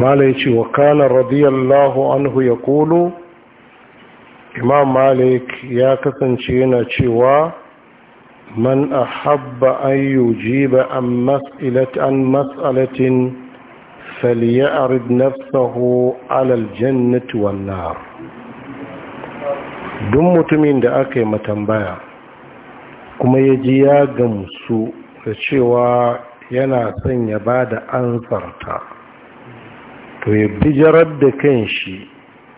malai ce wa kana radiyallahu anhu ya kulu imam malik ya kasance yana cewa man habba an yujiba an an mas'alatin falyarid nafsahu alal jannati wannan. nar duk mutumin da aka yi matambaya kuma ya ji ya gamsu da cewa yana son ya ba da ansarta to ya bijirar da kan shi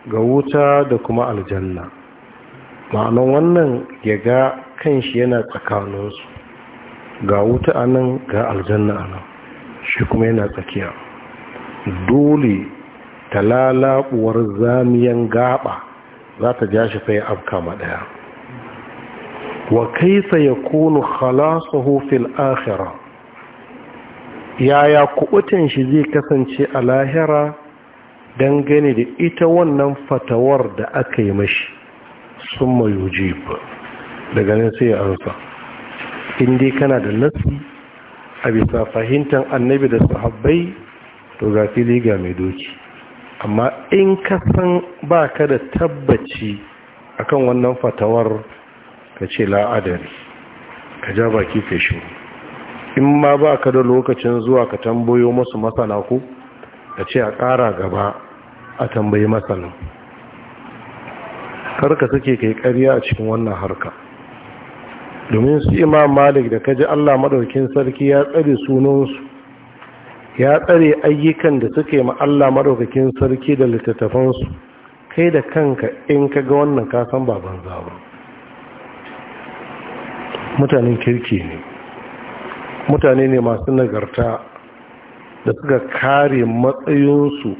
ga wuta da kuma aljanna ma'anon wannan ya ga kan shi yana tsakaninsu ga wuta anan ga aljanna a nan shi kuma yana tsakiya dole ta lalabuwar zamiyan gaba za ta ja shi sai afka maɗaya wa kaifa ya kunu khalasuhu fil akhirah yaya kubutan shi zai kasance a lahira dangane da ita wannan fatawar da aka yi mashi sun mayu jiba daga nan sai ya ansa inda kana da nasi a bisa fahimtar annabi da sahabbai to ga fili ga mai doki amma in ka san ba ka da tabbaci akan wannan fatawar ka ce la'adari ka ja baki feshin in ma ba ka da lokacin zuwa ka tambayo masu masana ku A ce a ƙara gaba a tambayi matsalin karka suke kai karya a cikin wannan harka domin su imam malik da kaji allah maɗaukin sarki ya tsare sunansu ya tsare ayyukan da suke ma allah maɗaukakin sarki da littattafansu kai da kanka in ka ga wannan kasan baban zaba mutanen kirki ne mutane ne masu nagarta da suka kare matsayinsu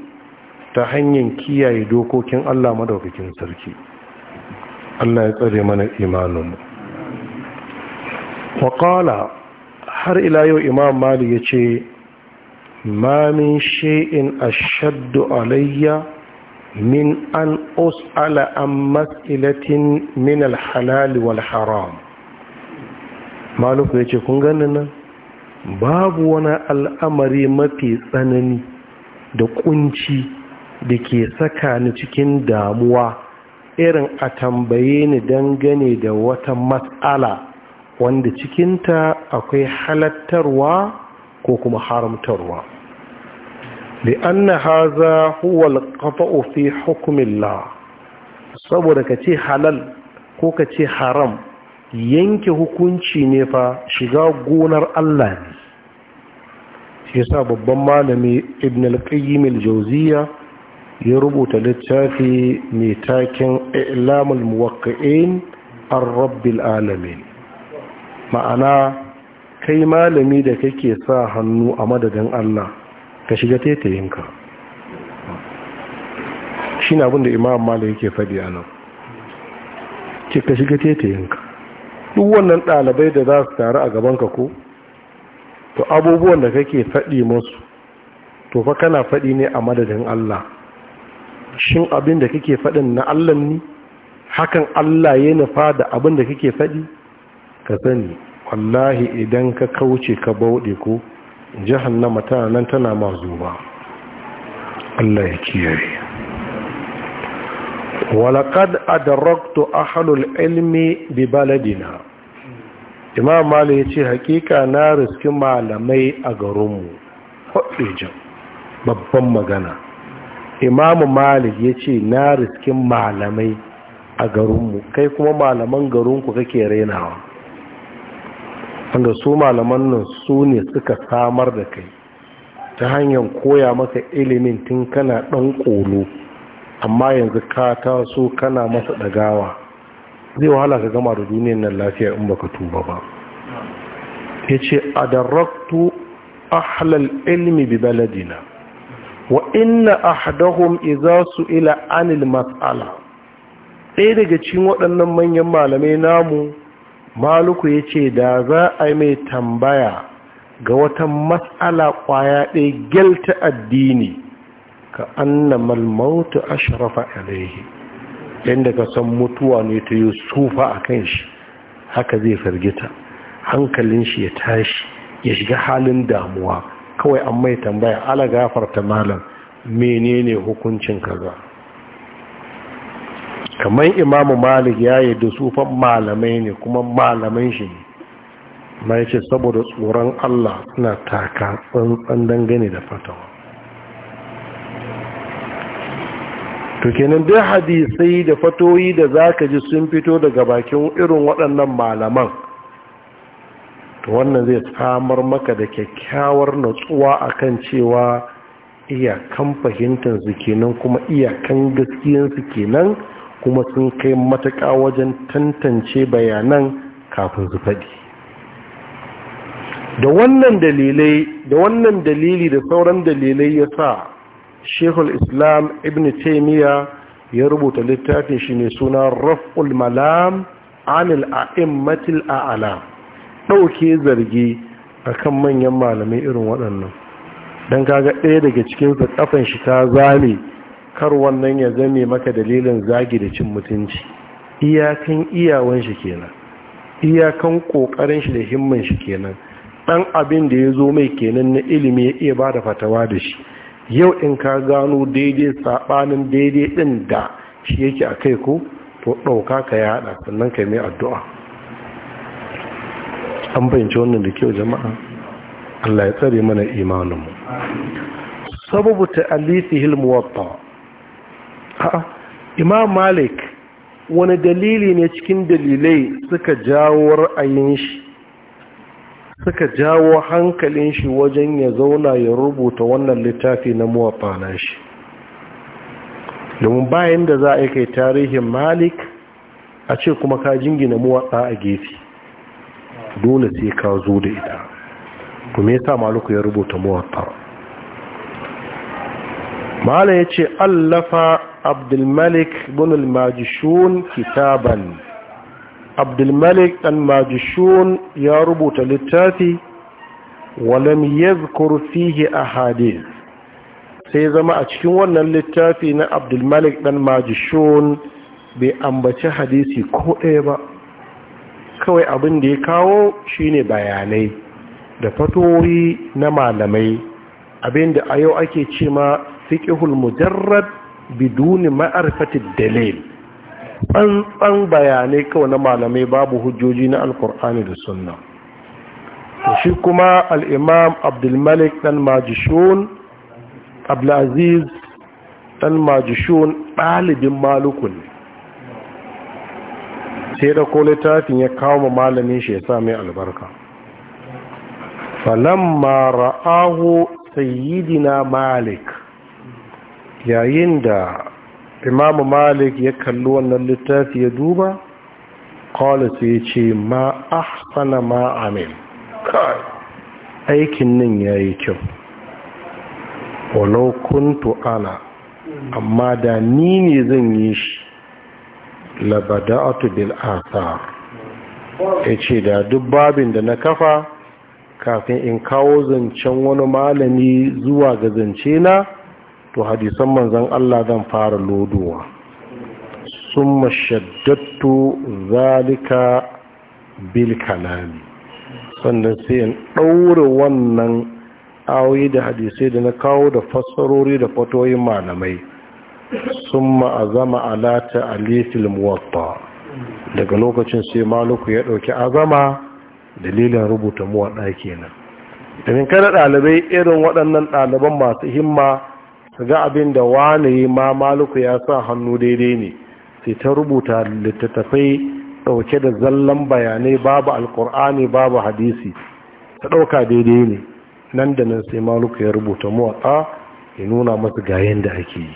ta hanyar kiyaye dokokin Allah madaukakin sarki Allah ya tsare mana imaninmu Wakala, har ila yau imam mali ya ce mamin shi'in a shaddu alayya min an osala an matsilatin min alhalali wal haram maluku ya ce kun ganin nan babu wani al'amari mafi tsanani da kunci da ke saka ni cikin damuwa irin a tambaye ni dangane da wata matsala wanda cikinta akwai halattarwa ko kuma haramtarwa li'anna haza huwa alqata'u fi hukmillah saboda kace halal ko kace haram yanke hukunci ne fa shiga gonar Allah ne shi sa babban malami ibn al-qayyim al-jawziya ya rubuta littafi mai taken ilamul muwaqqi'in ar-rabbil alamin ma'ana kai malami da kake sa hannu a madadin Allah ka shiga tetayinka na abin da imam malami yake faɗi anan nan ka shiga tetayinka duk wannan ɗalibai da za su taru a gabanka ko to abubuwan da kake faɗi musu to fa kana faɗi ne a madadin Allah shin abin da kake faɗin na Allah ne hakan Allah ya nufa da abin da kake faɗi ka sani wallahi idan ka kauce ka bauɗe ko jahannama tana nan tana mazuba Allah ya kiyaye walaƙad adaraktu ahalul ilmi bi baladina imam malu ya ce hakika na riski malamai a garinmu jan babban magana imamu malik ya ce na riskin malamai a garinmu kai kuma malaman garinku kake renawa wanda su malaman nan su ne suka samar da kai ta hanyar koya maka ilimin tun kana ɗan ƙolo amma yanzu ka taso kana masa ɗagawa zai wahala ka gama da duniyar nan lafiya in baka tuba ba ya ce a ahlal ilmi bi baladina wa inna ahdahum idza ila anil mas'ala ɗaya daga cikin waɗannan manyan malamai namu maluku ya ce da za a yi mai tambaya ga wata matsala ƙwaya ɗaya ta addini ka annamal mautu ashrafa alaihi yadda ka san mutuwa ne ta yi sufa a kan shi haka zai fargita, hankalin shi ya tashi ya shiga halin damuwa kawai an mai tambaya ala gafarta malam menene hukuncin kaza kamar imamu malik ya yi da sufan malamai ne kuma malamai shi ne ma yace saboda tsoron allah suna taka tsantsan dangane da fatawa to kenan dai hadisai da fatoyi da zaka ji sun fito daga bakin irin waɗannan malaman to wannan zai samar maka da kyakkyawar natsuwa kan cewa iyakan fahimtar su kenan kuma iyakan gaskiyar su kenan kuma sun kai matuka wajen tantance bayanan kafin su faɗi da wannan dalilai da wannan dalili da sauran dalilai ya sa shekul islam ibn taimiyya ya rubuta littafin shi ne suna raf'ul malam anil a'immatil a'ala ɗauke zargi akan manyan malamai irin waɗannan don kaga ɗaya daga cikin kafan shi ta zame kar wannan ya zame maka dalilin zagi da cin mutunci iyakan iyawan shi kenan iyakan ƙoƙarin shi da himman shi kenan ɗan abin da ya zo mai kenan na ilimi ya iya ba da fatawa da shi yau in ka gano daidai saɓanin daidai ɗin da shi yake a kai ko to ɗauka ka ya haɗa sannan ka yi mai addu'a an bayyance wannan da kyau jama'a Allah ya tsare mana imaninmu sababu ta alisihil muwatta a'a imam malik wani dalili ne cikin dalilai suka jawo ra'ayin shi suka jawo hankalin shi wajen ya zauna ya rubuta wannan littafi na muwafana shi domin bayan da za a kai tarihin malik a ce kuma ka jingina muwafa a gefe dole sai ka zo da ita kuma ya sa maluku ya rubuta muwafa malam ya ce allafa abdulmalik bin majishun kitaban abdulmalik ɗan majishun ya rubuta littafi walam yazkur fihi ahadith sai zama a cikin wannan littafi na abdulmalik ɗan majishun bai ambaci hadisi ko ɗaya ba kawai abin da ya kawo shine bayanai da fatori na malamai abin da a yau ake ce ma fiƙihul mujarrad biduni ma'arfatid dalil tsantsan bayanai kawai na malamai babu hujjoji na alkur'ani da sunna shi kuma al'imam abdulmalik dan majishun abdulaziz dan majishun ɗalibin malukun ne sai da kola littafin ya kawo ma malamin shi ya sa mai albarka falamma ra'ahu sayyidina malik yayin da Imam malik ya kalli wannan littafi ya duba kawai ya ce ma ahsana ma amin aikin nan ya yi kyau walau kuntu ana amma da ni ne zan yi shi labada'atu bil asar ya ce da duk babin da na kafa kafin in kawo zancen wani malami zuwa ga zance na to hadisan manzan Allah zan fara lodowa sun mashaddattu zalika bil kalami sannan sai in ɗaure wannan awoyi da hadisai da na kawo da fassarori da fatoyin malamai sun ma'azama alata alifil muwatta daga lokacin sai maluku ya ɗauki azama dalilin rubuta muwaɗa kenan domin kada ɗalibai irin waɗannan ɗaliban masu himma ka ga abin da wani ma maluku ya sa hannu daidai ne sai ta rubuta littattafai ɗauke da zallan bayanai babu alkur'ani babu hadisi ta ɗauka daidai ne nan da nan sai maluku ya rubuta muwatsa ya nuna masu gayen da ake yi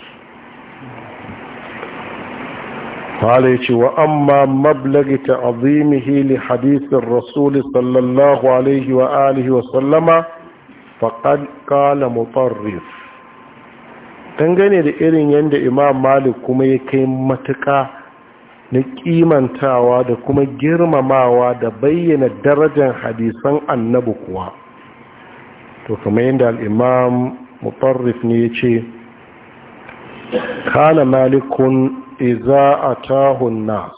قال يجي وأما مبلغ تعظيمه لحديث الرسول صلى الله عليه وآله وسلم فقد قال مطرف dangane da irin yadda imam malik kuma ya kai matuka na kimantawa da kuma girmamawa da bayyana darajar hadisan annabi kuwa to kuma yadda al'imam mutarrif ne ya ce kana malikun iza a tahun na.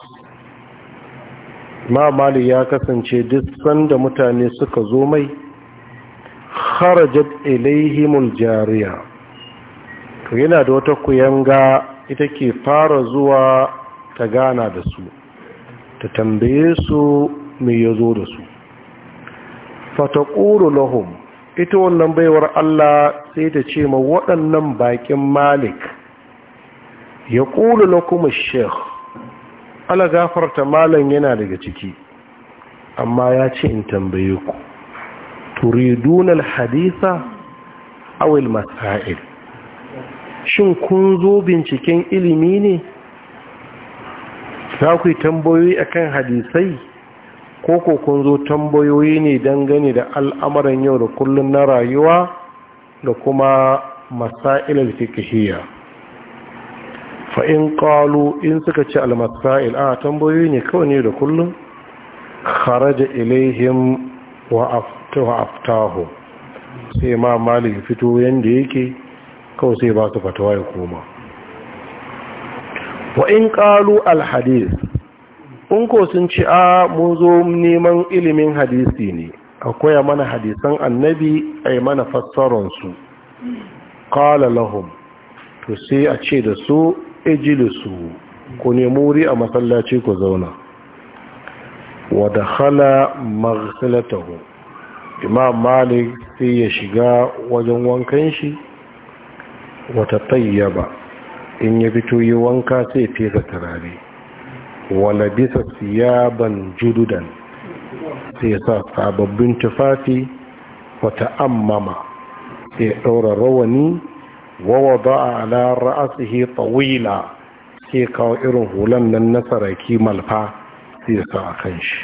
imam malik ya kasance duk sanda mutane suka zo mai kharajat ilaihimul jariya to yana da wata kuyanga ita ke fara zuwa ta gana da su ta tambaye su mai ya zo da su fataƙuru lahum ita wannan baiwar Allah sai ta ce ma waɗannan bakin malik ya ƙulu na kuma sheikh ala gafarta malam yana daga ciki amma ya ce in tambaye ku turidunan haditha awil masail shin kun zo binciken ilimi ne za ku yi tambayoyi akan hadisai ko ko kun zo tambayoyi ne dangane da al'amuran yau da kullum na rayuwa da kuma masailar fikihiyya fa'in ƙalu in suka ci al-masail a tambayoyi ne kawai ne da kullum kharaja ilaihim wa aftahu sai ma malik fito yadda yake kawai sai ba su fatawa ya koma wa in ƙalu alhadis in ko sun ci a mun zo neman ilimin hadisi ne akwai mana hadisan annabi a yi mana fassararsu ƙala lahum to sai a ce da su ejilisu ku nemi wuri a masallaci ku zauna wada hala marsalatahu imam malik sai ya shiga wajen wankan shi wata tayyaba in ya fito yi wanka sai fesa turare wala bisa siyaban jududan sai sa sababbin tufafi wata ammama sai ɗaura rawani wawa ba a ala ra'asihi tawila sai kawo irin hulan nan na saraki malfa sai sa a kan shi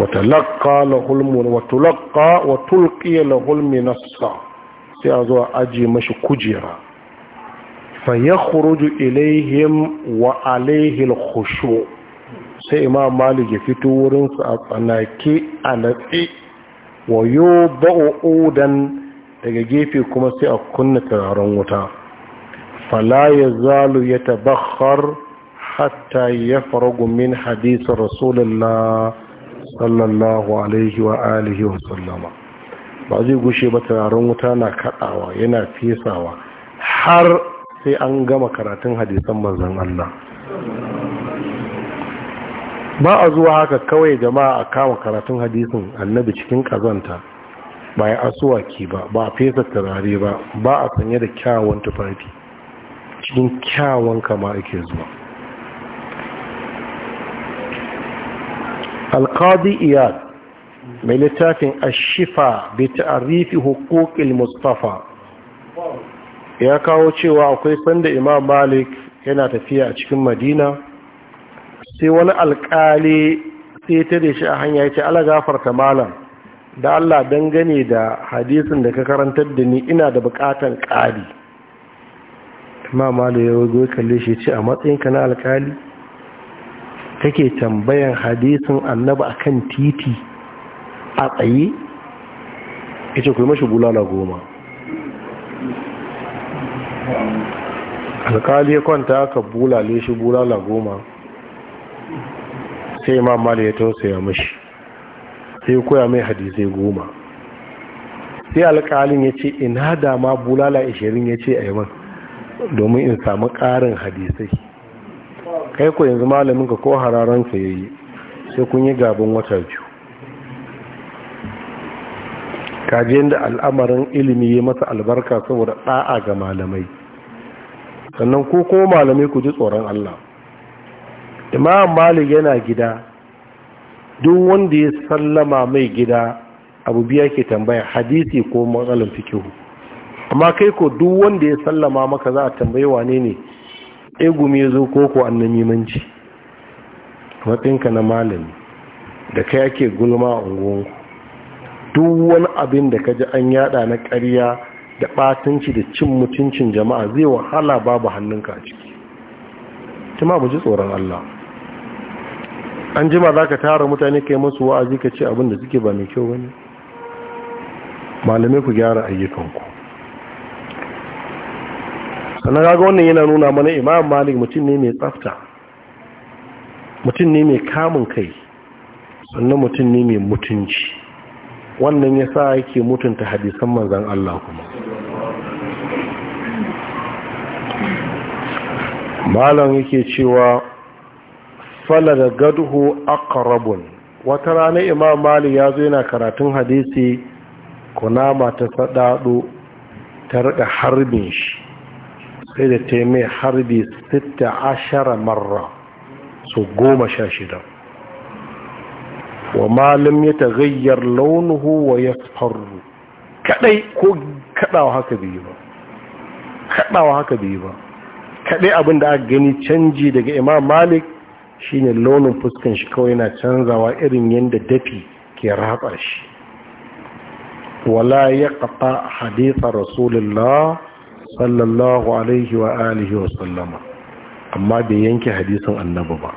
wata laƙa lahulmi na sa sai a zuwa aji mashi kujera fa ya khuruju ilaihim wa alaihi khushu sai imam malik ya fito wurin su a tsanake a natsi wa yubu udan daga gefe kuma sai a kunna turaren wuta fala yazalu yatabakhkhar hatta yafragu min hadith rasulullah sallallahu alaihi wa alihi wa sallama ba zai gushe ba turaren wuta na kaɗawa yana fesawa har sai an gama karatun hadisan manzan Allah ba a zuwa haka kawai jama'a a kama karatun hadisin annabi cikin kazanta ba ya asuwaki ba ba a fesa turare ba ba a sanye da kyawun tufafi cikin kyawun kama ake zuwa alkadi iyad mai littafin ashifa bi ta'arifi hukukul mustafa ya kawo cewa akwai sanda imam malik yana tafiya a cikin madina sai wani alkali sai ta da shi a hanya ya ce ala gafarta malam da allah dangane da hadisin da ka karantar da ni ina da bukatan ƙari imam malik ya wago kalle shi ce a matsayinka na alkali kake tambayan hadisin annaba akan titi a tsaye ita ku yi mashi bulala goma alkali ya kwanta aka bulale shi bulala goma sai imam mali ya tausaya mashi sai koya mai hadisai goma sai alkalin ya ce ina dama bulala ishirin ya ce a yaman domin in samu ƙarin hadisai kai ku yanzu malamin ka ko hararanka ya yi sai kun yi gaban wata biyu kaji yadda al'amarin ilimi ya masa albarka saboda ɗa'a ga malamai sannan ko ko malamai ku ji tsoron Allah imam malik yana gida duk wanda ya sallama mai gida abu biya ke tambaya hadisi ko matsalin fikihu amma kai ko duk wanda ya sallama maka za a tambaye wane ne egumi ya zo ko ko annamimanci Matsinka na malami da kai ake gulma a unguwanku duk wani abin da kaji an yada na ƙarya da batunci da cin mutuncin jama'a zai wahala babu hannunka a ciki tuma mu tsoron Allah an jima za ka tara mutane kai masu wa'azi ka ce abin da suke ba mai kyau bane malamai ku gyara ayyukanku sannan kaga wannan yana nuna mana imam malik mutum ne mai tsafta mutum ne mai kamun kai sannan mutum ne mai mutunci wannan ya sa yake mutunta hadisan manzan Allah kuma malam yake cewa fala da gaduhu akarabun wata rana imam mali ya zo yana karatun hadisi kunama ta faɗaɗo ta rika harbin shi sai da ta harbi sitta 16 marra su goma sha shida wa malam ya gayyar launuhu wa ya faru kadai ko kadawa haka bai ba kadawa haka bai ba kadai abin da aka gani canji daga imam malik shine launin fuskan shi kawai yana canzawa irin yadda dafi ke ratsa shi wala ya kafa haditha rasulullah sallallahu alaihi wa alihi wa sallama amma bai yanke hadisin annabi ba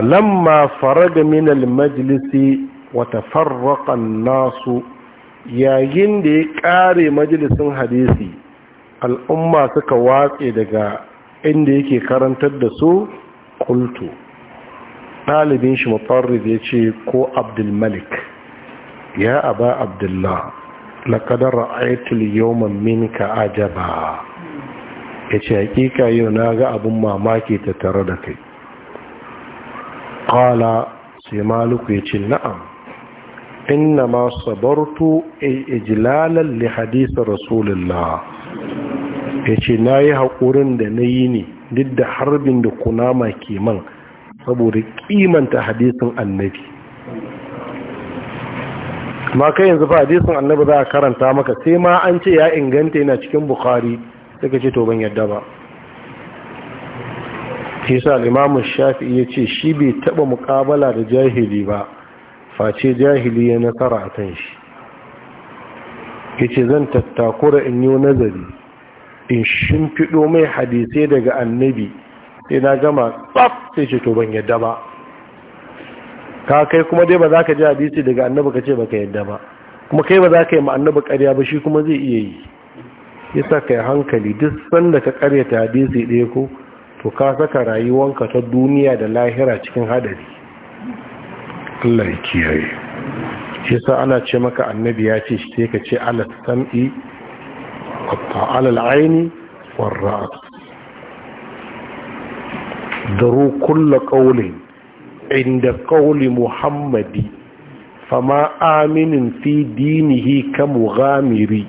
ma faraga min almajlisi wa tafarraqa nasu yayin da ya kare majalisin hadisi al'umma suka watse daga inda yake karantar da su kultu ɗalibin shi mutarrid ya ce ko abdulmalik ya aba abdullah laƙadar ra'aitul yawman minka ajaba ya ce hakika yau na ga abin mamaki ta tare da kai qala sai maliku yace na'am inna ma sabartu ijlalan li hadith rasulullah yace nayi hakurin da nayi ne duk da harbin da kunama ke man saboda kimanta hadisin annabi ma kai yanzu fa hadisin annabi za a karanta maka sai ma an ce ya inganta yana cikin bukari sai ka ce to ban yadda ba shi sa limamu shafi'i ya ce shi bai taba mukabala da jahili ba face jahili ya nasara a kan shi ya ce zan tattakura in yi nazari in shimfiɗo mai hadisai daga annabi sai na gama tsaf sai ce to ban yadda ba ka kai kuma dai ba za ka ji hadisi daga annabi ka ce ba ka yadda ba kuma kai ba za ka yi ma annabi karya ba shi kuma zai iya yi Ya sa ka yi hankali duk sanda ka karyata hadisi ɗaya ko to ka saka rayuwanka ta duniya da lahira cikin hadari Allah ya kiyaye yasa ana ce maka annabi ya ce sai ka ce ala sam'i wa ta'ala wa ra's daru kullu qawlin inda qawli muhammadi fama aminin fi dinihi kamu mughamiri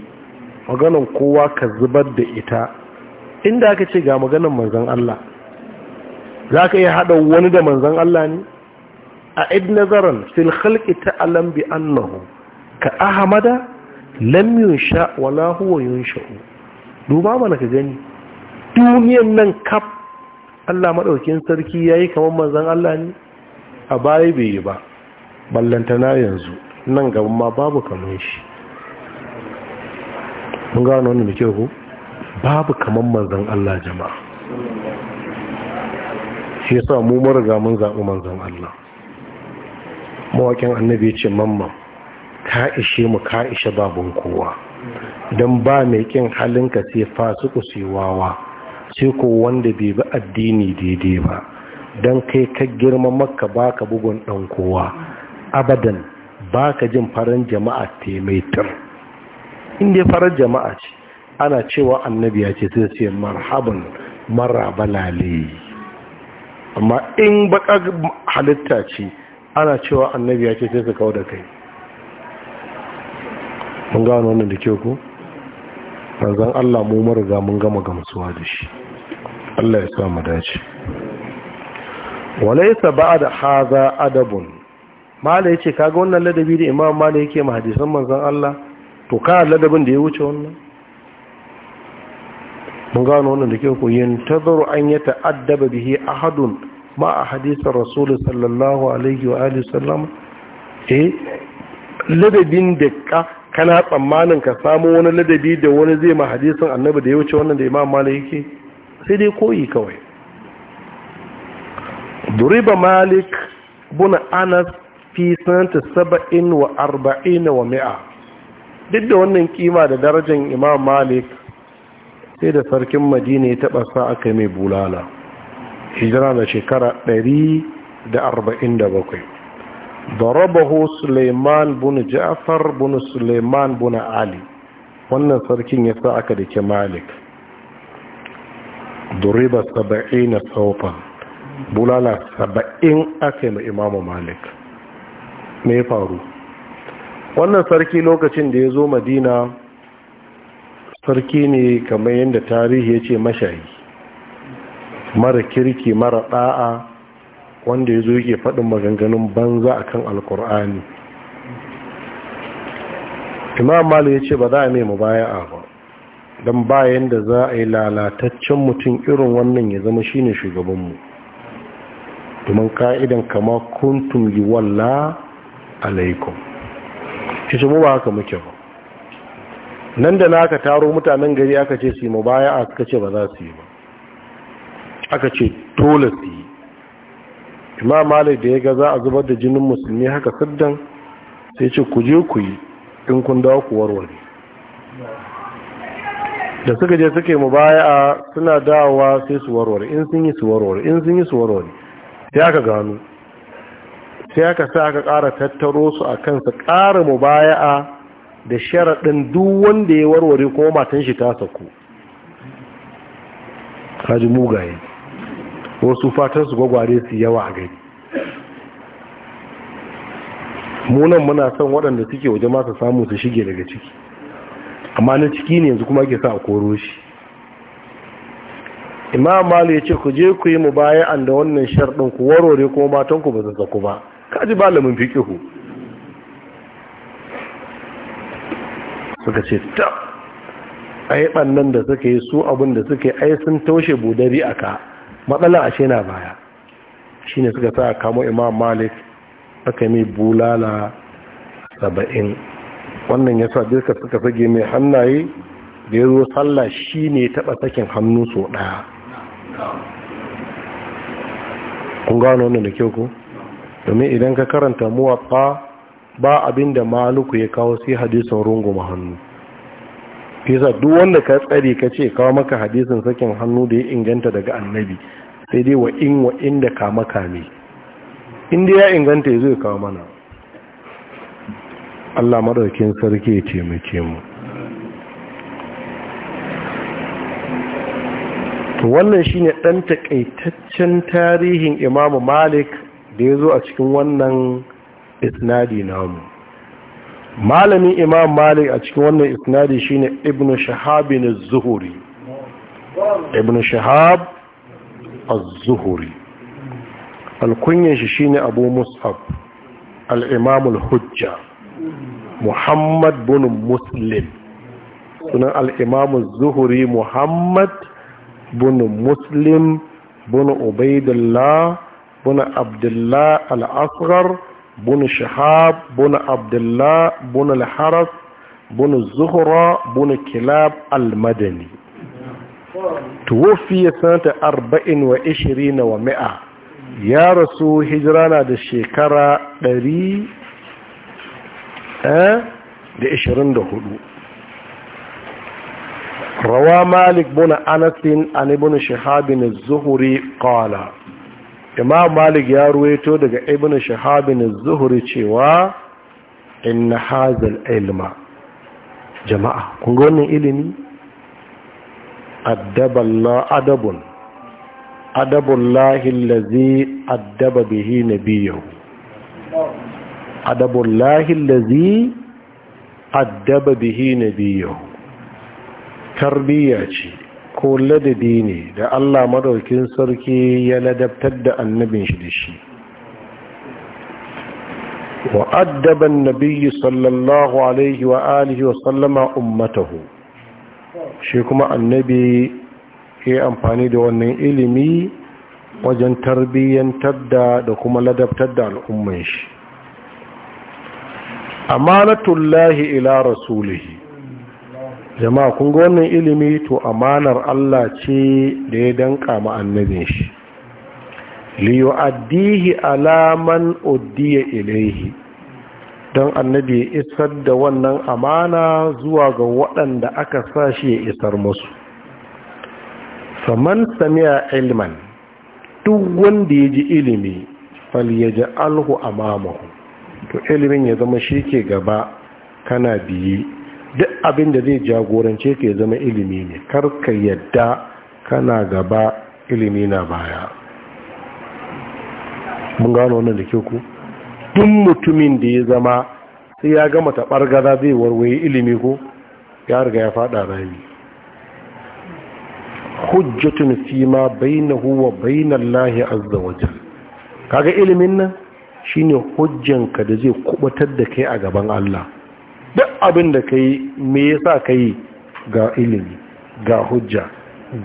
maganan kowa ka zubar da ita inda aka ce ga maganar manzan Allah za ka iya haɗa wani da manzan Allah ne a id nazaran fil khalqi ta'lam bi annahu ka ahmada lam yunsha wala huwa yunsha duba mana ka gani duniyan nan kaf Allah madaukin sarki yayi kamar manzan Allah ne a baya bai yi ba ballantana yanzu nan gaban ma babu kamar shi mun gano wannan babu kamar manzan Allah jama'a shi yasa mu ga mun zaɓi manzan Allah mawaƙin annabi ce mamman ka ishe mu ka ishe babun kowa don ba mai ƙin halinka sai ku sai wawa sai ko wanda bai bi addini daidai ba don kai ka girma maka baka bugun ɗan kowa abadan baka jin farin jama'a taimaitar inda farar jama'a ce ana cewa annabi ya ce sai ce marhaban marabalale amma in baka halitta ce ana cewa annabi ya ce sai su kawo da kai mun gano wannan da kyau ko manzon Allah mu marga mun gama gamsuwa da shi Allah ya sa mu dace walaysa ba'da hadha adabun mala yace kaga wannan ladabi da imam mala yake ma hadisan manzon Allah to ka ladabin da ya wuce wannan mun gano wannan da ke yin tazaru an yi ta'addaba bihi ahadun ma a hadisar rasul sallallahu alaihi wa alihi sallam eh ladabin da ka kana tsammanin ka samu wani ladabi da wani zai ma hadisin annabi da ya wuce wannan da imam malik yake sai dai koyi kawai duriba malik buna anas fi sanata saba'in wa arba'in wa mi'a duk da wannan kima da darajar imam malik sai da sarkin madina ya taɓa sa aka mai bulala hijira na shekara 147 darabahu suleiman bin ja'far bin suleiman bin ali wannan sarkin ya sa aka da ke malik duriba 70 saufan bulala 70 aka yi imamu malik me ya faru wannan sarki lokacin da ya zo madina sarki ne kamar yadda tarihi ya ce mashayi mara kirki mara ɗa'a wanda ya zo yake faɗin maganganun banza a kan alkur'ani imam malu ya ce ba za a baya a ba don bayan da za a yi lalataccen mutum irin wannan ya zama shine shugabanmu domin ka'idan kama kuntum yi walla alaikum shi mu ba haka muke ba nan da naka taro mutanen gari aka ce su mu baya aka ce ba za su yi ba aka ce dole su yi imam malik da ya ga za a zubar da jinin musulmi haka saddan sai ce ku je ku yi in kun dawo ku warware da suka je suke mu baya suna dawowa sai su warware in sun yi su warware in sun yi su warware sai aka gano sai aka sa aka ƙara tattaro su a kansa ƙara mu baya da sharaɗin duk wanda ya warware kuma matan shi ta saku kaji mugaye wasu fatan su gwagware su yawa a gari munan muna son waɗanda suke waje masu samu su shige daga ciki amma na ciki ne yanzu kuma ke sa a koro shi imam malu ya ce ku je ku yi mu bayan da wannan sharɗin ku warware kuma matanku ba su saku ba kaji malamin fikihu suka ce ta ai bannan da suka yi su abin da suka yi ai sun taushe budari a ka a ashe na baya shine suka sa kamo imam malik aka mai bulala saba'in wannan ya sa duka suka fage mai hannaye da ya zo sallah shi ne taɓa sakin hannu so ɗaya kun gano wannan da kyau ku domin idan ka karanta muwatsa ba abin da maluku ya kawo sai hadisin runguma hannu fisa duk wanda ka tsari ka ce kawo maka hadisin sakin hannu da ya inganta daga annabi sai dai wa in wa inda ka maka ne inda ya inganta ya zai kawo mana allah madaukin sarki ya taimake mu to wannan shine ɗan taƙaitaccen tarihin imamu malik da ya zo a cikin wannan isnadi namu malamin imam malik a cikin wannan isnadi shine ibn shahab bin zuhuri ibn shahab az-zuhuri alkunyan shi shine abu mus'ab al-imam al-hujja muhammad bin muslim sunan al-imam az-zuhuri muhammad bin muslim bin ubaidullah bin abdullah al-asghar بن شهاب بن عبد الله بن الحرس بن الزهرة بن كلاب المدني توفي سنة أربعين وعشرين ومئة يا رسول هجرانا دا شكرا داري أه؟ دا إشرين دا هدو روى مالك بن أنس عن ابن شهاب الزهري قال imam malik ya ruwaito daga ibn shahabin zuhuri cewa inna hazal ilma jama'a kun ga wannan ilimi addaballah adabun adabullahi allazi addaba bihi nabiyyu adabullahi allazi addaba bihi nabiyyu tarbiyya ce ko ladabi ne da Allah madaukin sarki ya ladabtar da annabin shi da shi wa addaban nabiyyi sallallahu alaihi wa alihi wa sallama ummatahu shi kuma annabi ke amfani da wannan ilimi wajen tarbiyyantar da da kuma ladabtar da al'umman shi amanatullahi ila rasulihi jama'a kun ga wannan ilimi to amanar Allah ce da ya danka ma annabin shi li yu'addihi ala man uddiya ilayhi don annabi ya isar da wannan amana zuwa ga waɗanda aka sa shi ya isar musu faman samia ilman duk wanda ya ji ilimi falyaji alhu amamahu to ilimin ya zama shi ke gaba kana biyi duk abin da zai jagorance ka ya zama ilimi ne kar karka yadda kana gaba ilimi na baya mun gano wannan da ke ku duk mutumin da ya zama sai ya gama taɓar gaza zai warwaye ilimi ko ya riga ya faɗa rami hujjatun fi ma bainahu wa lahi azza wajal kaga ilimin nan shine hujjanka da zai kubatar da kai a gaban Allah duk abin da ka yi me yasa ka yi ga ilimi ga hujja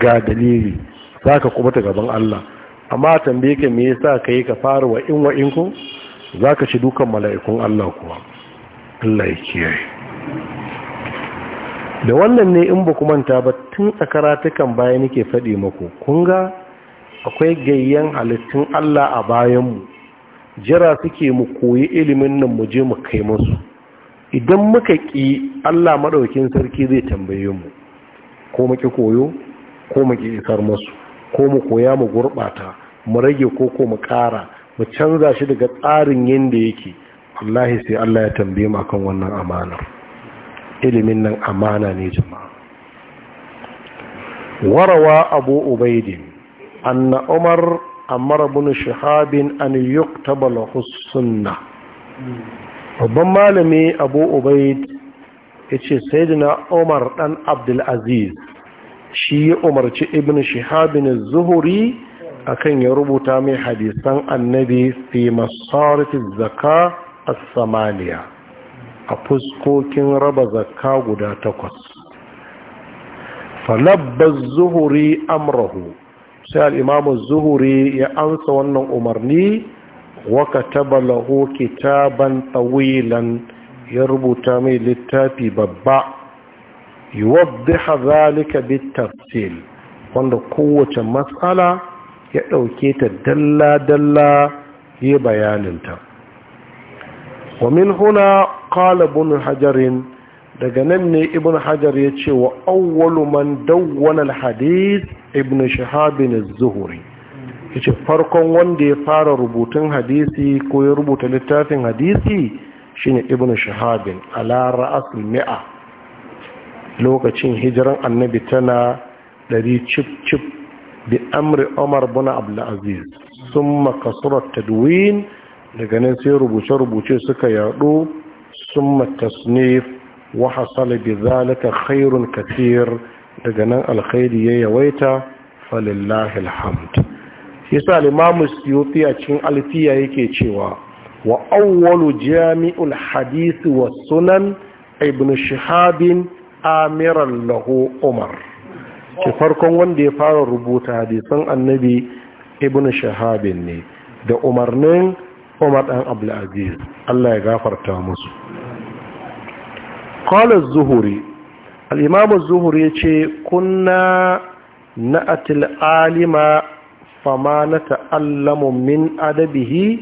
ga dalili za ka ta gaban Allah amma tambaye ka me yasa ka yi ka fara wa in wa in za ka ci dukan mala'ikun Allah kuwa Allah ya kiyaye da wannan ne in ba ku manta ba tun tsakaratukan baya nake faɗi maku kun ga akwai gayyan halittun Allah a bayanmu jira suke mu koyi ilimin nan mu je mu kai musu idan muka ƙi Allah maɗaukin sarki zai tambaye mu ko muke koyo ko muke isar masu ko mu koya mu gurɓata mu rage ko ko mu ƙara mu canza shi daga tsarin yadda yake wallahi sai Allah ya tambaye mu akan wannan amanar ilimin nan amana ne jama'a warawa abu ubaidin anna umar amara bin shahabin an yuktaba lahu babban malami abu ubaid ya ce sai saidina umar dan abdulaziz shi ya umarci ibn shihabin zuhuri akan ya rubuta mai hadisan annabi fi masarufin zaka a samaniya a fuskokin raba zaka guda takwas falabbar zuhuri amrahu sai al'imamun zuhuri ya amsa wannan umarni Waka وكتب ya rubuta mai littafi babba للتابي ببع zalika bi بالتفصيل wanda kowace matsala ya ɗauke ta dalla-dalla ya bayaninta wamin huna ƙalibin hajarin daga nan ne ibn hajar ya ce wa awwalu man dawwana al-hadith ibn shahabin az-zuhri yace farkon wanda ya fara rubutun hadisi ko ya rubuta littafin hadisi shine ibnu shahabin ala ra'as mi'a lokacin hijiran annabi tana ɗari cif bi amri umar bin abdul aziz summa kasurat tadwin daga nan sai rubuce-rubuce suka yaɗu summa tasnif wa hasala bi zalika khairun katir daga nan alkhairi ya yawaita falillahi alhamd yasa limamu siyofi a cikin alfiya yake cewa wa awwalu jami'ul hadith wa sunan ibn shihabin amiran lahu umar ke farkon wanda ya fara rubuta hadisan annabi ibn shihabin ne da umarnin umar dan abdulaziz Allah ya gafarta musu qala az-zuhri al-imam az-zuhri yace kunna na'atil alima fama na ta'allamu min adabihi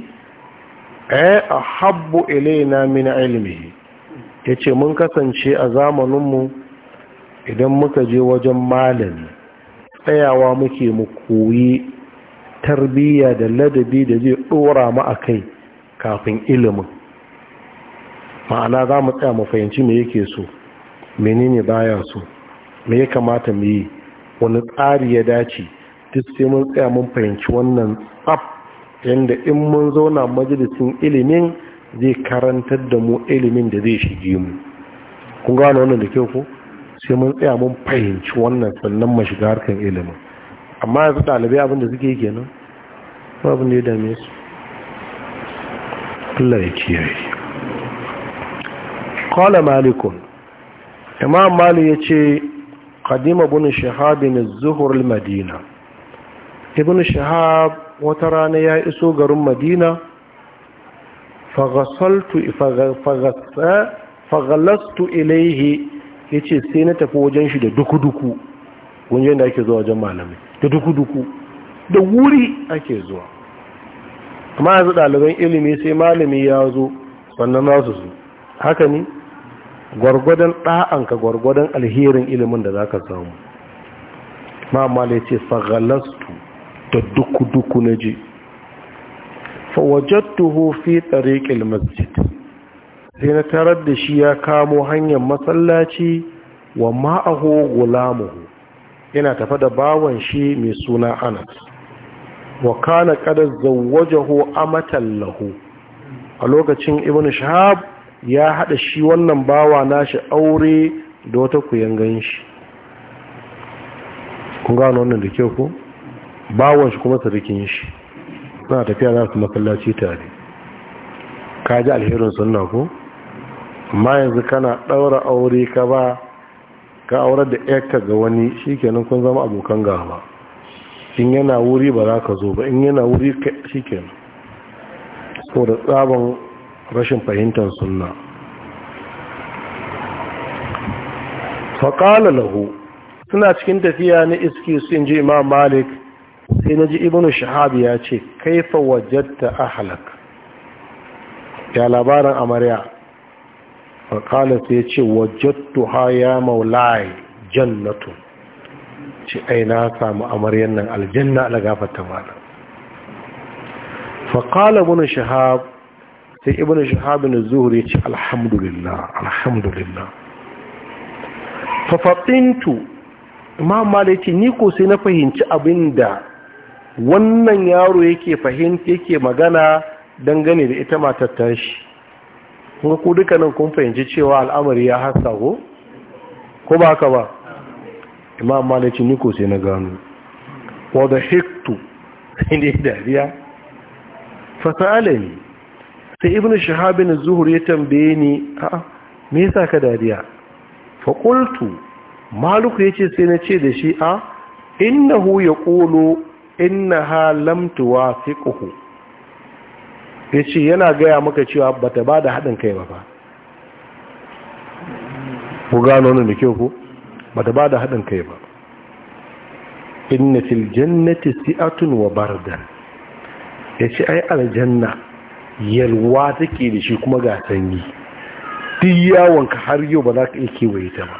eh ahabbu ilaina min ilmihi yace mun kasance a zamaninmu idan muka je wajen malami tsayawa muke mu koyi tarbiyya da ladabi da zai dora mu akai kafin ilimin ma'ana za mu tsaya mu fahimci me yake so menene baya so me ya kamata mu yi wani tsari ya dace duk sai mun tsaya mun fahimci wannan tsaf yadda in mun zauna majalisin ilimin zai karantar da mu ilimin da zai shige mu kun gano wannan da kyau ko sai mun tsaya mun fahimci wannan sannan mu shiga harkar ilimin amma yanzu ɗalibai abin da suke kenan abin da ya dame su Allah ya kiyaye qala malikun imam malik yace ce, kadima shahab bin az madina ibn shahab wata rana ya iso garin madina fagalastu eh, ilaihi ya ce sai na tafi wajen shi da duku-duku gunjen da ake zuwa wajen malamai da duku-duku da wuri ake zuwa amma yanzu ɗaliban ilimi sai malami ya zo wannan nasu su haka ne gwargwadon ɗa'anka gwargwadon alherin ilimin da za ka samu ma'amala ya ce fagalas da duku-duku na ji fawajattuhu fi tsariƙil masjid sai na tarar da shi ya kamo hanyar matsalaci wa ma'aho gulamu, yana tafa da bawan shi mai suna anas wa kana kada zawwajahu amatan a lokacin ibn shahab ya haɗa shi wannan bawa nashi aure da wata kuyangan ganshi. kun gano wannan da kyau ko bawon shi kuma sarikin shi suna tafiya za su masallaci tare ka ji alherin sunna ko amma yanzu kana ɗaura aure ka ba ka aurar da yarka ga wani shikenan kun zama abokan gaba in yana wuri ba za ka zo ba in yana wuri shikenan so da tsabon rashin fahimtar suna. faƙala lahu suna cikin tafiya na iski su in ji imam malik sai na ji Ibn shahab ya ce kaifa a ahlak ya labarin amarya faƙala sai ya ce wajadtu ha ya maulai jannatu ce ai na samu amaryan nan aljanna ala gafarta mana faƙala ibnu shahab sai ibnu shahab na zuhuri ya ce alhamdulillah alhamdulillah fafaɗintu imam malik ni ko sai na fahimci abin da wannan yaro yake fahimta yake magana dangane da ita matar tashi kuma ku dukkanin kun fahimci cewa al'amari ya hasa ko ko ba ka ba imam malici ni ko sai na gano wadda hiktu inda ya dariya fasalani sai ibn shahabin zuhur ya tambaye ni a me yasa ka dariya fa qultu maluku yace sai na ce da shi a innahu yaqulu Inna ha fi ƙuhu Ya ce yana gaya maka cewa bata bada hadin kai ba ba ku gano ne da kyau ko bata bada hadin kai ba inna fil jannati si'atun wa bardan ce ai aljanna yalwa take da shi kuma ga sanyi duk yawon ka har yau ba za ka iya kewaye ta ba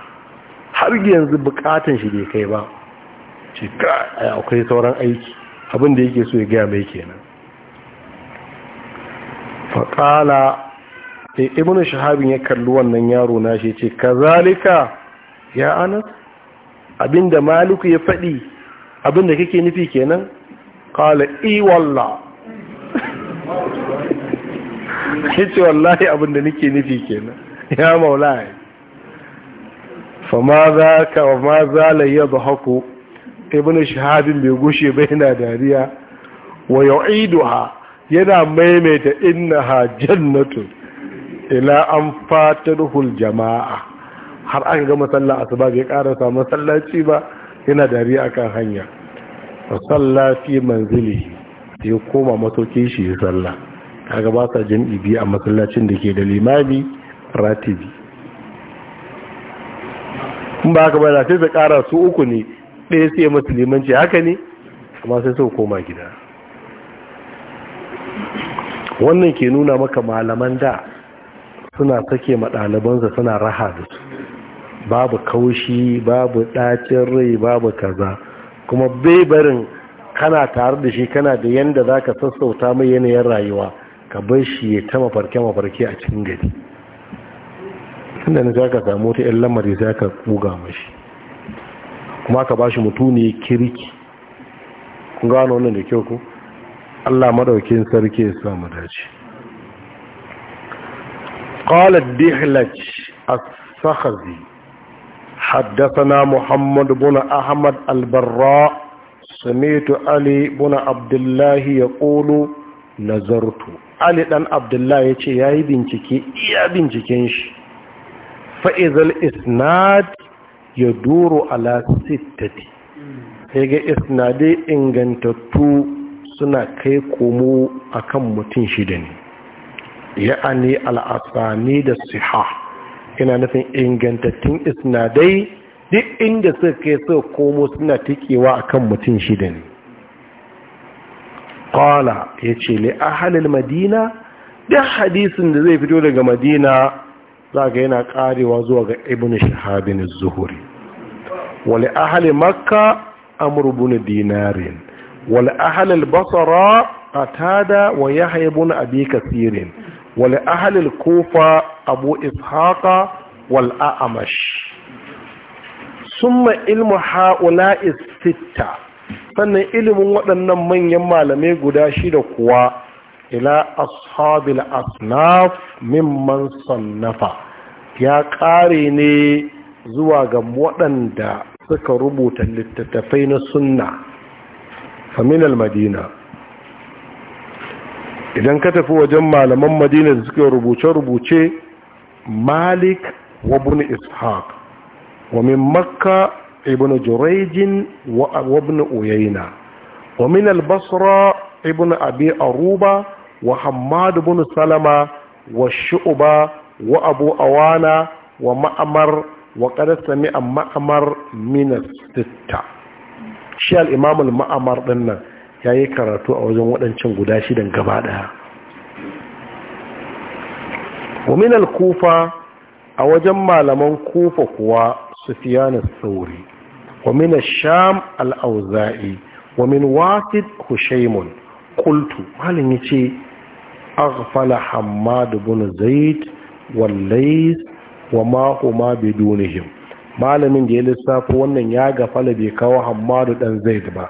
har yanzu bukatan shi bai kai ba ce ka akwai sauran aiki abin da yake so ya gaya mai kenan faƙala ibn shahabin ya kalli wannan yaro na shi ce kazalika ya anas abinda maliku ya faɗi abinda kake nufi kenan kala iwalla ya ce wallahi abinda nake nufi kenan ya maulaye fa ma za ka wa ma za la haku ibn shahabin bai gushe ba na dariya wa yu'iduha yana maimaita innaha jannatu ila an fatadhul jama'a har an ga masalla asuba bai karasa masallaci ba yana dariya akan hanya salla fi manzili sai koma masauki shi ya salla kaga ba sa jin biyu a masallacin da ke da limami ratibi in ba haka ba da sai su kara su uku ne ɗaya sai masu limanci haka ne amma sai sau koma gida wannan ke nuna maka malaman da suna sake maɗalibansa suna raha da su babu kaushi babu ɗacin rai babu kaza kuma bai barin kana tare da shi kana da yanda za ka sassauta mai yanayin rayuwa ka bar shi ya ta mafarke-mafarke a cikin gari inda na za ka samu wata 'yan lamari za ka buga mashi kuma ka ba shi mutuni kirki. kun gano wannan da kyau ku allah madaukin sarki ya sa mu dace ƙwalar dihlaj a sahazi haddasa muhammad buna ahmad albarra Samitu ali buna abdullahi ya na nazartu ali dan abdullahi ya ce ya yi bincike iya binciken shi fa’izal isnad ya duro ala sittati sai ga isnadai ingantattu suna kai komo akan mutum shida ne ya'ani al'asani da siha ina nufin ingantattun isnadai duk inda suka kai suka komo suna tikewa akan mutum shida ne qala yace li ahlil madina duk hadisin da zai fito daga madina za ga yana karewa zuwa ga ibn shahabin zuhuri wale ahali makka amur dinarin wale ahali basara atada wa yahya Abikasirin, abi kasirin wale ahali kufa abu ishaqa wal a'amash summa ilmu ha'ula'i sitta sannan ilimin waɗannan manyan malamai guda shida kuwa ila ashabil asnaf mimman sannafa ya ƙare ne zuwa ga waɗanda suka rubuta littattafai na sunna faminal madina idan ka tafi wajen malaman madina da suka rubuce-rubuce malik wa bin ishaq wa min makka ibn jurejin wa ibn uyayna wa min albasra ibn abi aruba wa hammadu bin salama wa shu'uba wa abu awana wa ma'amar wa qad sami'a ma'amar min shi al-imam al-ma'amar dinnan yayi karatu a wajen waɗancan guda shidan gaba daya wa kufa a wajen malaman kufa kuwa sufyan al-thawri wa min sham al-auza'i wa min waqid hushaymun qultu malin yace أغفل حماد بن زيد والليث وما هما بدونهم malamin da ya lissafi wannan ya gafala bai kawo hamadu dan zaid ba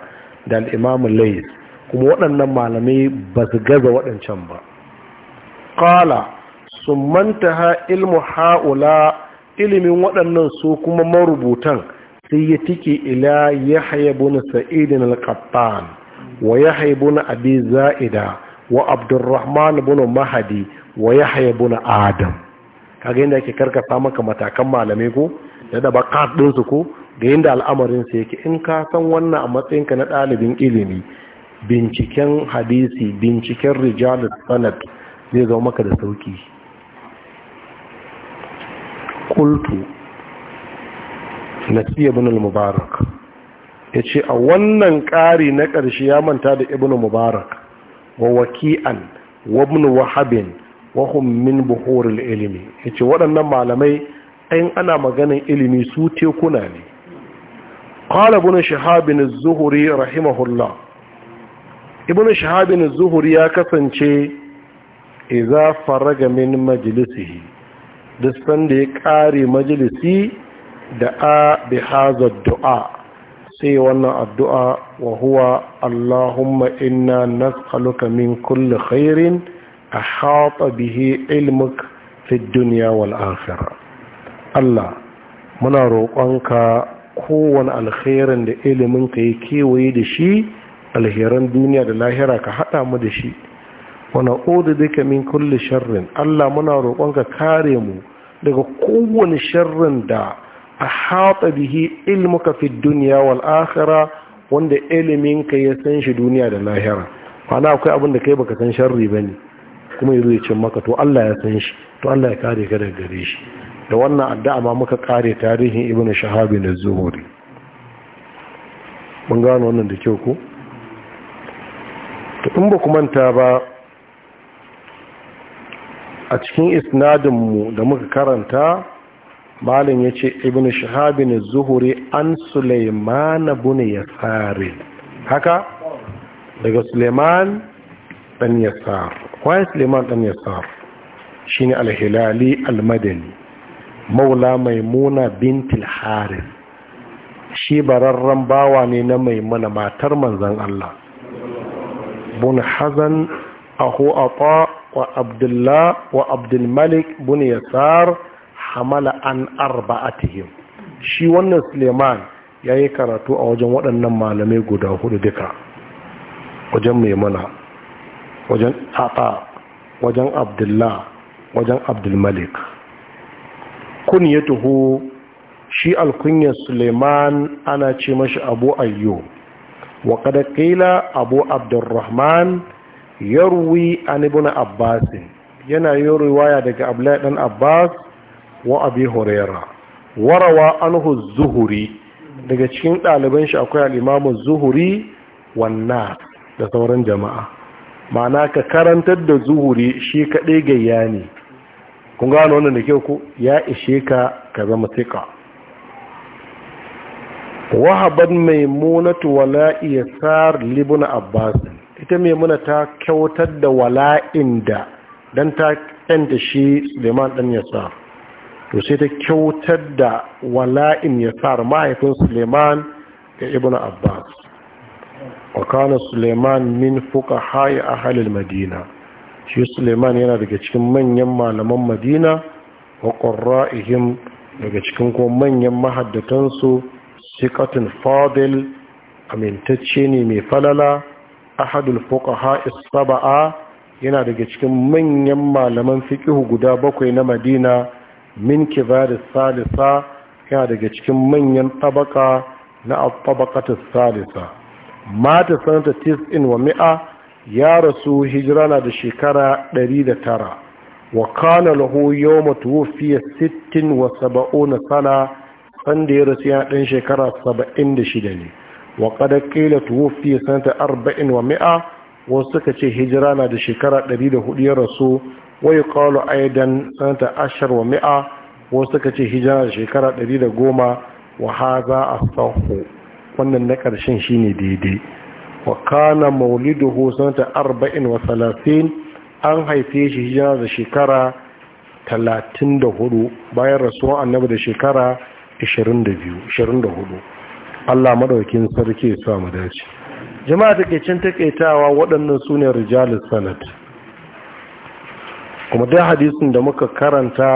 da imam lais kuma waɗannan malamai ba su gaza waɗancan ba ƙala sun manta ha ilmu ha'ula ilimin waɗannan su kuma marubutan sai ya tike ila ya haya buna sa'idin al-qattan wa ya haya buna abi za'ida wa abdurrahman bin mahadi wa yahya bin adam kage inda yake karkata maka matakan malamai ko da da bakat ɗinsu ko da yadda al'amarin sa yake in ka san wannan a matsayinka na ɗalibin ilimi binciken hadisi binciken rijalus sanad zai zama maka da sauki kultu nasiya ibn al-mubarak yace a wannan ƙari na ƙarshe ya manta da ibn mubarak wa waki'an wa wahabin wa hum min buhuril waɗannan malamai in ana maganin ilimi su tekuna ne qala ibn shahab rahimahullah ibn shahabin zuhuri ya kasance idza faraga min majlisihi duk sanda ya kare majalisi da a du'a sai wannan addu'a wa huwa Allahumma inna nas'aluka min kulli khairin a haɓa bihe ilmuk fi duniya wal akhira Allah muna roƙonka kowane alkhairin da iliminka ya kewaye da shi alheran duniya da lahira ka haɗa mu da shi wana ƙoda duka min kulli sharrin Allah muna roƙonka kare mu daga kowane sharrin da haɗa bihi ilmuka fi duniya wal akhirah wanda ilimin ka ya san shi duniya da lahira ma'ana akwai abin da kai baka san sharri bane kuma yazo ya ce maka to Allah ya san shi to Allah ya kare ka daga gare shi da wannan addu'a ma muka kare tarihin ibnu shahabi na zuhuri mun gano wannan da kyau ko to in ba ku manta ba a cikin mu da muka karanta malin ya ce ibn shahabin zuhuri an suleiman bin yasari haka daga suleiman dan yasar kwaye suleiman dan yasar shine Alhilali hilali maula maimuna bintil haris shi bararren bawa ne na maimuna matar manzan Allah bun hazan a ata wa abdullah wa abdulmalik bun yasar hamala an arba'atihim shi wannan suleiman ya yi karatu a wajen waɗannan malamai guda hudu duka wajen maimuna wajen tata wajen abdullah wajen abdulmalik kunyatuhu shi alkunyar suleiman ana ce mashi abu ayyo wa kada kila abu abdurrahman yarwi an ibn abbasin yana yin riwaya daga abdullahi dan abbas wa abi warawa anhu zuhuri daga cikin ɗaliban shi akwai al'imamu zuhuri wanna da sauran jama'a ma'ana ka karantar da zuhuri shi kaɗai gayya ne kun gano wannan da kyau ko, ya ishe ka ka zama tika wahabar maimunatu wala'i ya tsar libuna abbas ita maimuna ta kyautar da wala'in da don ta kyanta shi suleiman ɗan ya to sai ta kyautar da wala'in ya tsara mahaifin suleiman da ibn abbas wakana suleiman min fuka haya a halin madina shi suleiman yana daga cikin manyan malaman madina wa ƙorra'ihim daga cikin kuma manyan mahaddatansu Sikatin fadil amintacce ne mai falala ahadul fuka ha'is saba'a yana daga cikin manyan malaman fiƙihu guda bakwai na madina min kibaris salisa yana daga cikin manyan tabaka na al salisa mata sanata tis'in wa mi'a ya rasu hijira na da shekara 109 wa kana lahu yawma fiye 60 wa 70 sana sanda ya rasu ya dan shekara 76 ne wa qad tuwo fiye sanata 40 wa mi'a wasu suka ce hijira na da shekara 104 ya rasu wai kawo aidan sanata ashar wa mi'a wasu suka ce hijira shekara ɗari da goma wa za a sahu wannan na ƙarshen shi ne daidai wa kana ko sanata arba'in wa salatin an haife shi hijira da shekara talatin da hudu bayan rasuwa annabi da shekara ashirin da hudu allah maɗaukin sarki ya samu dace jama'a take cin taƙaitawa waɗannan su ne rijalis sanat kuma dai hadisin da muka karanta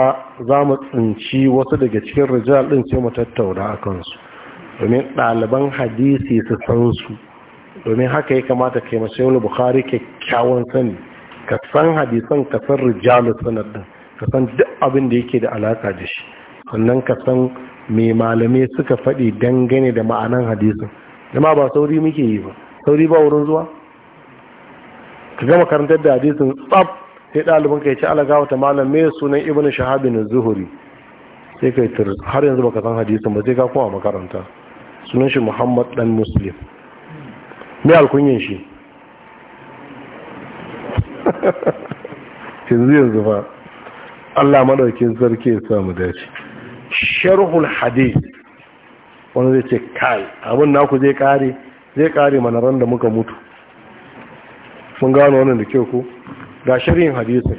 za mu tsinci wasu daga cikin rijal ɗin sai mu tattauna a kansu domin ɗaliban hadisi su san su domin haka ya kamata kai mashi wani bukari kyakkyawan sani ka san hadisan ka san rijalu sanar ɗin ka san duk abin da yake da alaka da shi sannan ka san me malamai suka faɗi dangane da ma'anan hadisin jama ba sauri muke yi ba sauri ba wurin zuwa ka gama karantar da hadisin tsaf sai ɗalibin ka ya ce alagawa ta malam me sunan ibn shahabin zuhuri sai ka tir har yanzu baka san hadisin ba sai ka koma makaranta sunan shi muhammad dan muslim me alkunyin shi yanzu yanzu ba Allah maɗaukin sarki ya sa mu dace sharhul hadith wanda zai ce kai abin naku zai kare zai kare mana ran da muka mutu mun gano wannan da kyau ko ga shirin hadisun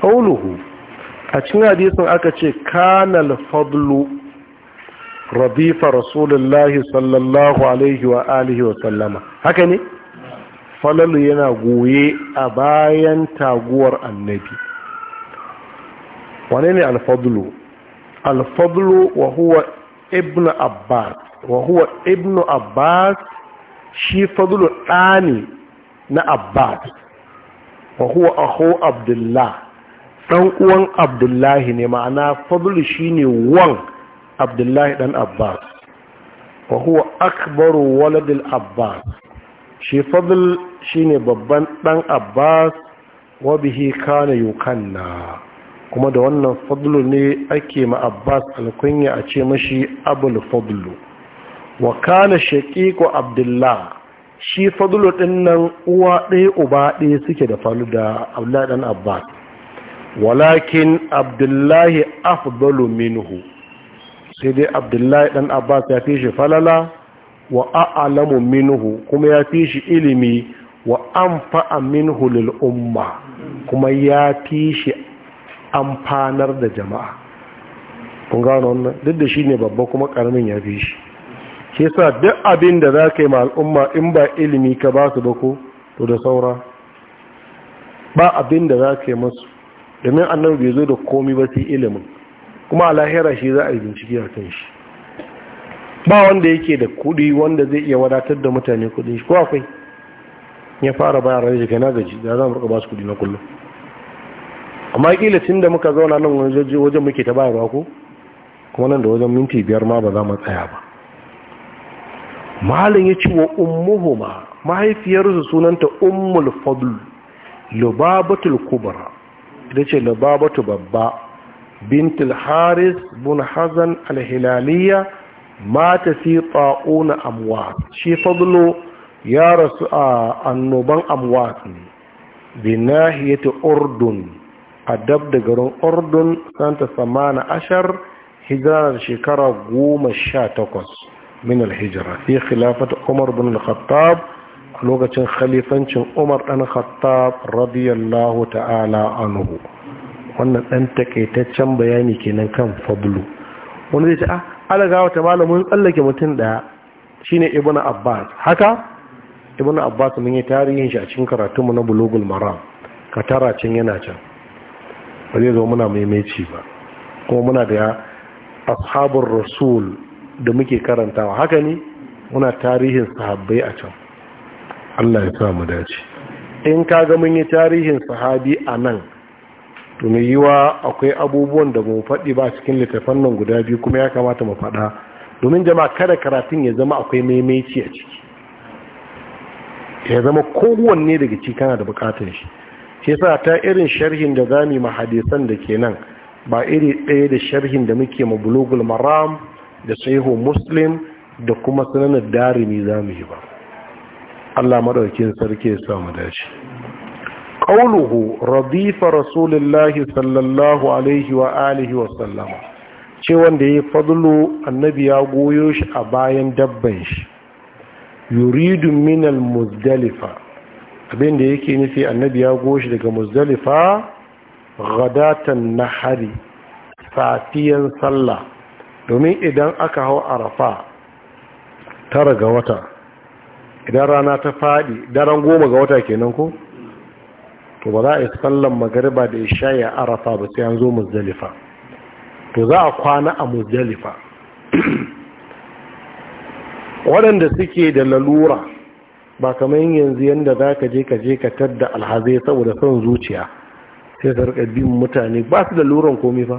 ƙauluhu a cikin hadisun aka ce kanal fadlu rabifa rasulullahi sallallahu alaihi wa alihi wa sallama haka ne falalu yana goye a bayan taguwar annabi wane ne alfadlu alfadlu wa huwa ibn abbas wa huwa ibn abbas shi fadlu ɗani na abbad wa huwa aho abdullah dan uwan abdullahi ne ma'ana fadlu shine wan abdullahi dan abbas wa huwa akbaru waladil abbas shi fadl shine babban dan abbas wa bihi kana yukanna kuma da wannan fadlu ne ake ma abbas alkunya a ce mashi abul fadlu wa kana shaqiqu abdullah shi fadlu ɗin nan uwa ɗaya uba ɗaya suke da falu da ɗan abbas walakin abdullahi afdalu minhu sai dai abdullahi dan abbas ya fi shi falala wa a'lamu minhu kuma ya fi shi ilimi wa anfa'a minhu lil umma kuma ya fi shi amfanar da jama'a kun gano wannan duk da shi ne babba kuma ƙaramin ya fi shi shi yasa duk abin da za ka yi ma al'umma in ba ilimi ka ba su bako to da saura ba abin da za ka yi masu domin annabi bai zo da komi ba sai ilimin kuma a lahira shi za a yi binciki a kan shi ba wanda yake da kudi wanda zai iya wadatar da mutane kudin shi ko akwai ya fara bayar da shi kai na gaji da za mu rika ba su kudi na kullum amma kila tun da muka zauna nan wajen muke ta bayarwa ko kuma nan da wajen minti biyar ma ba za mu tsaya ba malin ya ci wa ummuhuma mahaifiyarsu sunanta ummul fadl lubabatul kubra ita ce lubabatu babba bintul haris bin hazan alhilaliya mata fi ta'una amwa shi fadlo ya rasu a annoban amwa ne binahiyatu urdun adab da garin urdun santa samana ashar hijirar shekara goma sha takwas min al-hijra fi khilafat umar bin al-khattab a lokacin khalifancin umar dan khattab radiyallahu ta'ala anhu wannan dan takaitaccen bayani kenan kan fablu wanda zai ce ah alagawa ta malamin tsallake mutum daya shine ibnu abbas haka ibnu abbas mun yi tarihin shi a cikin karatunmu na bulugul maram ka can yana can ba zai zo muna maimaici ba kuma muna da ashabun rasul da muke karantawa haka ne muna tarihin sahabbai a can Allah ya sa mu dace in ka ga mun yi tarihin sahabi a nan to mai yiwa akwai abubuwan da mu faɗi ba cikin littafan nan guda biyu kuma ya kamata mu faɗa domin jama'a kada karatun ya zama akwai maimaici a ciki ya zama kowanne daga ciki kana da bukatun shi ke sa ta irin sharhin da zamu ma hadisan da ke nan ba iri ɗaya da sharhin da muke ma bulogul maram da sahihu muslim da kuma dari darimi za mu yi ba Allah maɗaukin sarki ya samu dace ƙauluhu radifa rasulullahi sallallahu alaihi wa alihi wa sallama ce wanda yayi fadlu annabi ya goyo shi a bayan dabban shi yuridu minal muzdalifa abinda yake nufi annabi ya shi daga muzdalifa gadatan nahari safiyan sallah domin idan aka hau arafa tara ga wata idan rana ta faɗi daren goma ga wata kenan ko to ba za a yi sallan magariba da ya arafa ba sai an zo muzalifa to za a kwana a muzalifa waɗanda suke da lalura ba kamar yanzu yadda za ka je ka je ka tadda alhazai saboda son zuciya sai su mutane ba su da luran komi ba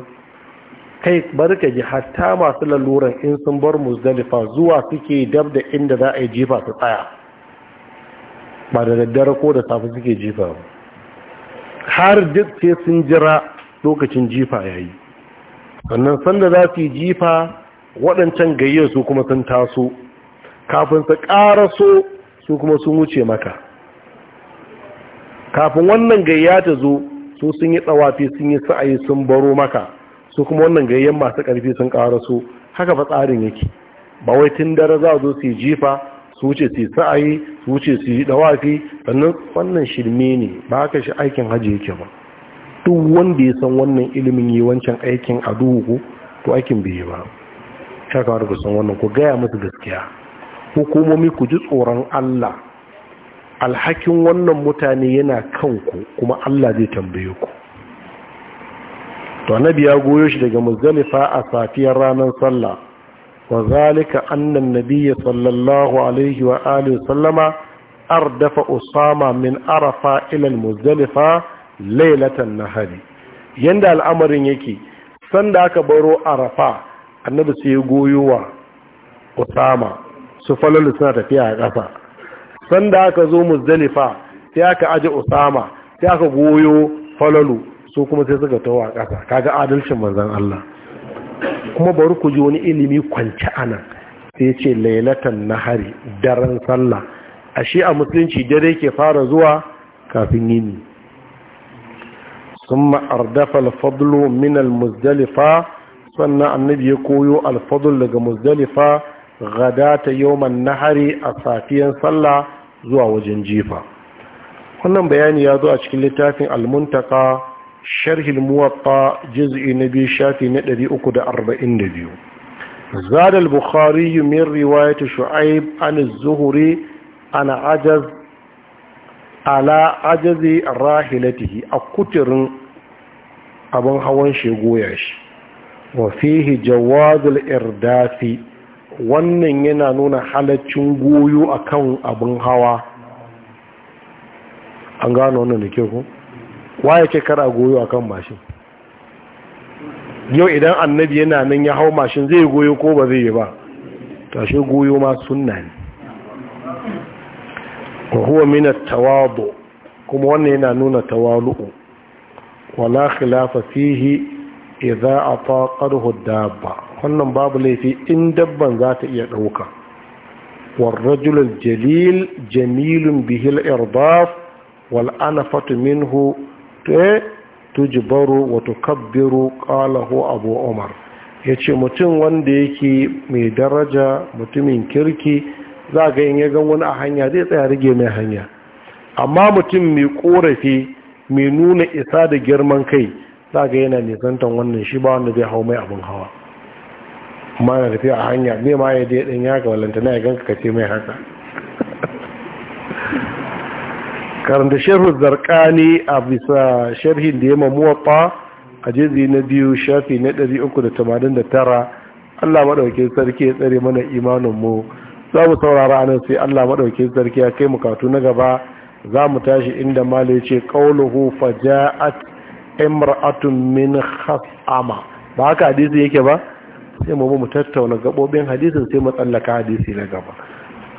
kai bari ka ji hatta masu laluran in sun bar muzdalifa zuwa suke dab da inda za a yi jifa su tsaya ba da daddare ko da safe suke jifa ba, har duk sai sun jira lokacin jifa ya yi sannan sanda za su yi jifa waɗancan gayyar su kuma sun taso kafin su ƙara so su kuma sun wuce maka kafin wannan gayya ta zo su sun yi tsawafi sun yi sa'ayi sun baro maka su kuma wannan gayyen masu ƙarfi sun ƙara su haka fa tsarin yake ba wai tun dare za zo su jifa su wuce su yi sa'ayi su wuce su yi dawafi sannan wannan shirme ne ba haka shi aikin hajji yake ba duk wanda ya san wannan ilimin yi wancan aikin a duhu to aikin bai yi ba ya kamata ku san wannan ku gaya musu gaskiya hukumomi ku ji tsoron Allah alhakin wannan mutane yana kanku kuma Allah zai tambaye ku to annabi ya goyo shi daga muzdalifa a safiyar ranar sallah wa zalika annan annabiyya sallallahu alaihi wa alihi sallama ardafa usama min arafa ila muzdalifa lailatan nahari yanda al'amarin yake sanda aka baro arafa annabi sai ya goyo wa usama su falalu suna tafiya a ƙasa sanda aka zo muzdalifa sai aka aje usama sai aka goyo falalu su kuma sai suka tawo a ƙasa kaga adalcin manzan Allah kuma bari ku ji wani ilimi kwanci nan. sai ce lailatan nahari daren sallah ashe a musulunci dare ke fara zuwa kafin yini ثم أردف min al-muzdalifa sannan annabi ya koyo alfadlu daga muzdalifa gadata yawman nahari a safiyan sallah zuwa wajen jifa wannan bayani ya zo a cikin littafin almuntaka sharhi جزء نبي شاتي biyu أكد أربعين نبيو زاد البخاري من رواية شعيب عن الزهري عن عجز على عجز راحلته أكتر أبن هون شغوياش وفيه جواز الإرداف wannan yana nuna halaccin goyo akan abin hawa an gano wannan da ke ku waye kara goyo a kan mashin yau idan annabi yana nan ya hau mashin zai goyo ko ba zai yi ba tashe goyo ma sunna ne wa huwa mina tawadu kuma wannan yana nuna tawalu'u wala khilafa fihi idza ataqahu dabba wannan babu laifi in dabban za ta iya dauka والرجل الجليل جميل به الإرضاف والأنفة منه ta eh, tujbaru wa tukabbiru qalahu abu umar yace mutum wanda yake mai daraja mutumin kirki za ga in ya ga wani a hanya zai tsaya rige mai hanya amma mutum mai korafi mai nuna isa da girman kai za ga yana nisantan wannan shi ba wanda zai hau mai abin hawa amma na tafiya a hanya zai ma ya je ya ga walanta na ya ganka ka mai haka karanta shehu zarkani a bisa sharhin da ya mamuwa a jizi na biyu shafi na 389 Allah maɗaukin sarki ya tsare mana imaninmu za mu saurara anan sai Allah maɗaukin sarki ya kai mukatu na gaba za mu tashi inda mala ya ce ƙauluhu faja'at imratun min khas'ama ba haka hadisi yake ba sai mu mu tattauna gabobin hadisin sai mu tsallaka hadisi na gaba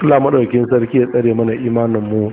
Allah maɗaukin sarki ya tsare mana imaninmu